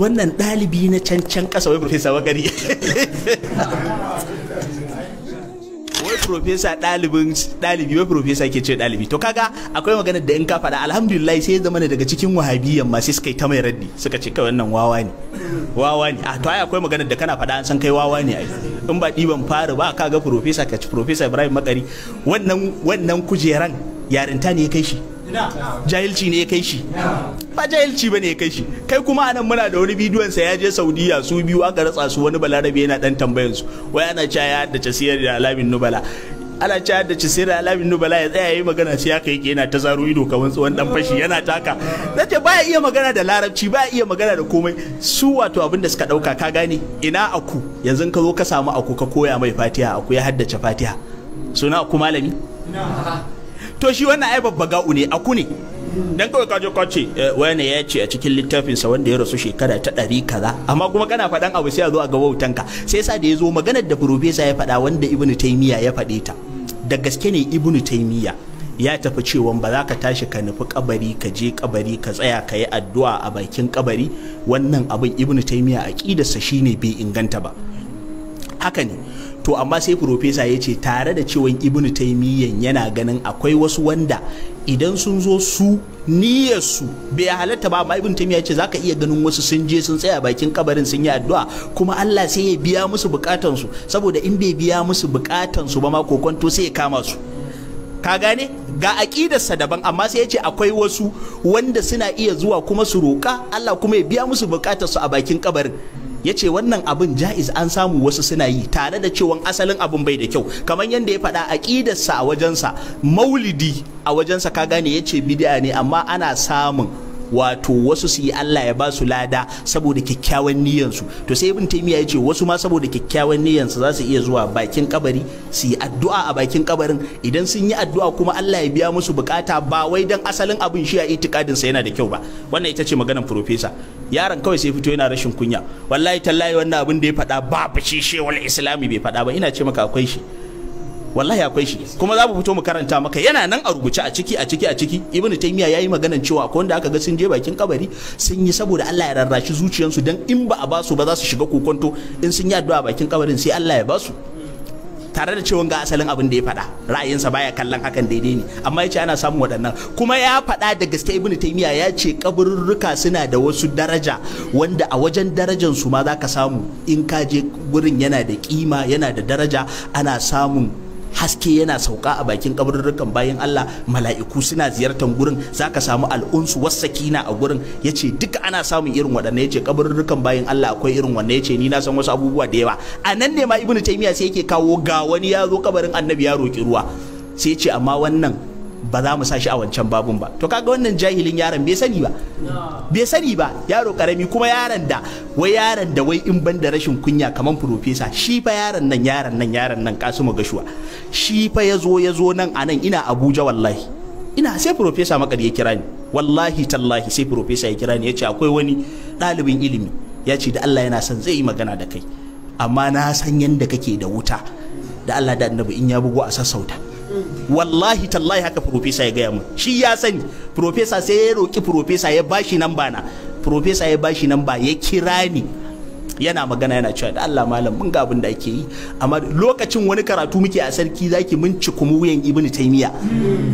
wannan ɗalibi na cancan ƙasa wai profesa bakari wai profesa ɗalibin ɗalibi wai profesa ke ce ɗalibi to kaga akwai magana da in ka faɗa alhamdulillah sai zama ne daga cikin wahabiyyan ma sai suka yi ta mai raddi suka ce kai wannan wawa ne wawa ne a ah, to ai akwai magana da kana faɗa an san kai wawa ne ai in ba ɗiban fara ba kaga profesa ka ci profesa Ibrahim Makari wannan wannan kujeran yarinta ne ya kai shi jahilci ne ya kai shi ba jahilci ya kai shi kai kuma anan muna da wani bidiyon sa ya je Saudiya su biyu aka ratsa su wani balarabe yana dan tambayan su wai ana cewa ya haddace siyar da alamin nubala ana cewa da cisir alamin nubala ya tsaya yi magana sai aka yake yana ta zaro ido kamar tsohon dan fashi yana taka nace baya iya magana da larabci baya iya magana da komai su wato abin da suka dauka ka gane ina aku yanzu ka zo ka samu aku ka koya mai fatiha aku ya haddace fatiha suna aku malami to shi wannan ai babba ga'u ne aku ne dan kawai ka je ka eh, wani ya ce a cikin littafinsa wanda ya rasu shekara ta ɗari kaza amma kuma kana faɗan abu sai a zo a ga wautanka sai sa da ya zo maganar da profesa ya faɗa wanda ibn taymiya ya faɗe ta da gaske ne ibn taymiya ya tafi cewa ba za ka tashi ka nufi kabari ka je kabari ka tsaya ka yi addu'a a bakin kabari wannan abin taimiya taymiya aqidarsa shine bai inganta ba haka ne to amma sai profesa ya ce tare da cewa ibnu taimiyyan yana ganin akwai wasu wanda idan sun zo su niyyarsu bai halatta ba amma ibnu taimiyya ya ce zaka iya ganin wasu sun je sun tsaya bakin kabarin sun yi addu'a kuma Allah sai ya biya musu bukatan saboda in bai biya musu bukatan ba ma kokonto sai ya kama su ka gane ga aƙidarsa daban amma sai ya ce akwai wasu wanda suna iya zuwa kuma su roƙa Allah kuma ya biya musu bukatar su a bakin kabarin ya ce wannan abin ja'iz an samu wasu suna yi tare da cewa asalin abin bai da kyau kamar yadda ya faɗa a aƙidarsa a wajensa maulidi a wajensa ka gane ya ce bidiya ne amma ana samun wato wasu su yi Allah ya ba su lada saboda kyakkyawan niyyansu to sai ibn taymiya ya ce wasu ma saboda kyakkyawan niyyansu za su iya zuwa bakin kabari su yi addu'a a bakin kabarin idan sun yi addu'a kuma Allah ya biya musu bukata ba wai dan asalin abin shi a itikadin sa yana da kyau ba wannan ita ce maganar profesa yaron kawai sai fito yana rashin kunya wallahi tallahi wannan abin da ya faɗa ba shi shewal islami bai faɗa ba ina ce maka akwai shi wallahi akwai shi kuma za mu fito mu karanta maka yana nan a rubuce a ciki a ciki a ciki ibnu taymiya yayi maganan cewa akwai wanda aka ga sun je bakin kabari sun yi saboda Allah ya rarrashi zuciyarsu dan in ba a basu ba za su shiga kokonto in sun yi addu'a bakin kabarin sai Allah ya basu tare da cewa ga asalin abin da ya faɗa ra'ayinsa baya kallon hakan daidai ne amma ya ce ana samun waɗannan kuma ya faɗa da gaske ibnu taymiya ya ce kaburruka suna da wasu daraja wanda a wajen darajan su ma za ka samu in ka je gurin yana da kima yana da daraja ana samun haske yana sauka a bakin kaburin bayan Allah mala'iku suna ziyartar gurin zaka samu al'unsu wasakina a gurin yace duka ana samun irin waɗanne yace kabarurrukan bayan Allah akwai irin wanne yace ni na san wasu abubuwa da yawa a nan ne ma ibnu taymiya sai yake kawo ga wani ya kabarin annabi ya roki ruwa sai yace amma wannan ba za mu sa shi a wancan babun ba to kaga wannan jahilin yaron bai sani ba bai sani ba yaro karami kuma yaron da wai yaron da wai in ban da rashin kunya kamar profesa shi fa yaron nan yaron nan yaron nan Kasimu Gashuwa shi fa yazo yazo nan anan ina Abuja wallahi ina sai profesa makar ya kira ni wallahi tallahi sai profesa ya kira ni ya ce akwai wani ɗalibin ilimi ya ce da Allah yana son zai yi magana da kai amma na san yanda kake da wuta da Allah da annabi in ya bugu a sassauta wallahi tallahi haka profesa ya gaya mu shi ya sani profesa sai ya roki profesa ya bashi nan na profesa ya bashi nan ya kira ni yana magana yana cewa Allah malam mun ga abin da ake yi amma lokacin wani karatu muke a sarki zaki mun ci kuma wuyan ibnu taymiya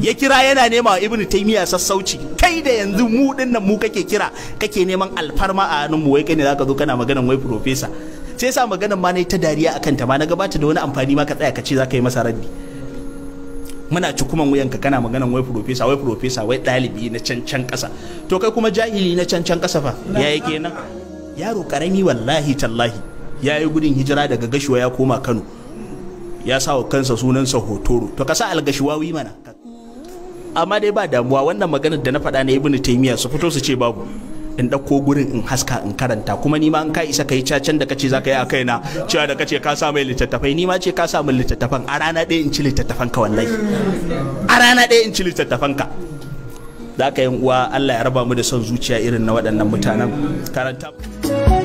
ya kira yana nema wa ibnu taymiya sassauci kai da yanzu mu din nan mu kake kira kake neman alfarma a hannun mu wai kai ne zaka zo kana magana wai profesa sai sa maganan ma na ta dariya akan ta ma na gabata da wani amfani ma ka tsaya ka ce zaka yi masa raddi muna ci kuma ka kana maganan wai profesa wai profesa wai ɗalibi na cancan ƙasa to kai kuma jahili na cancan ƙasa fa ya yi kenan yaro karami wallahi tallahi ya yi gudun hijira daga gashuwa ya koma kano ya sa wa kansa sunansa hotoro to ka sa wi mana amma dai ba damuwa wannan maganar da na faɗa na ibnu taymiya su fito su ce babu in ɗauko gurin in haska in karanta kuma ni ma in ka isa ka yi cacen da kace za ka yi a kaina cewa da kace ka samu littattafai ni ma ce ka samu littattafan a rana ɗaya in ci littattafan ka wallahi a rana ɗaya in ci littattafan ka za ka yi uwa Allah ya raba mu da son zuciya irin na waɗannan mutanen karanta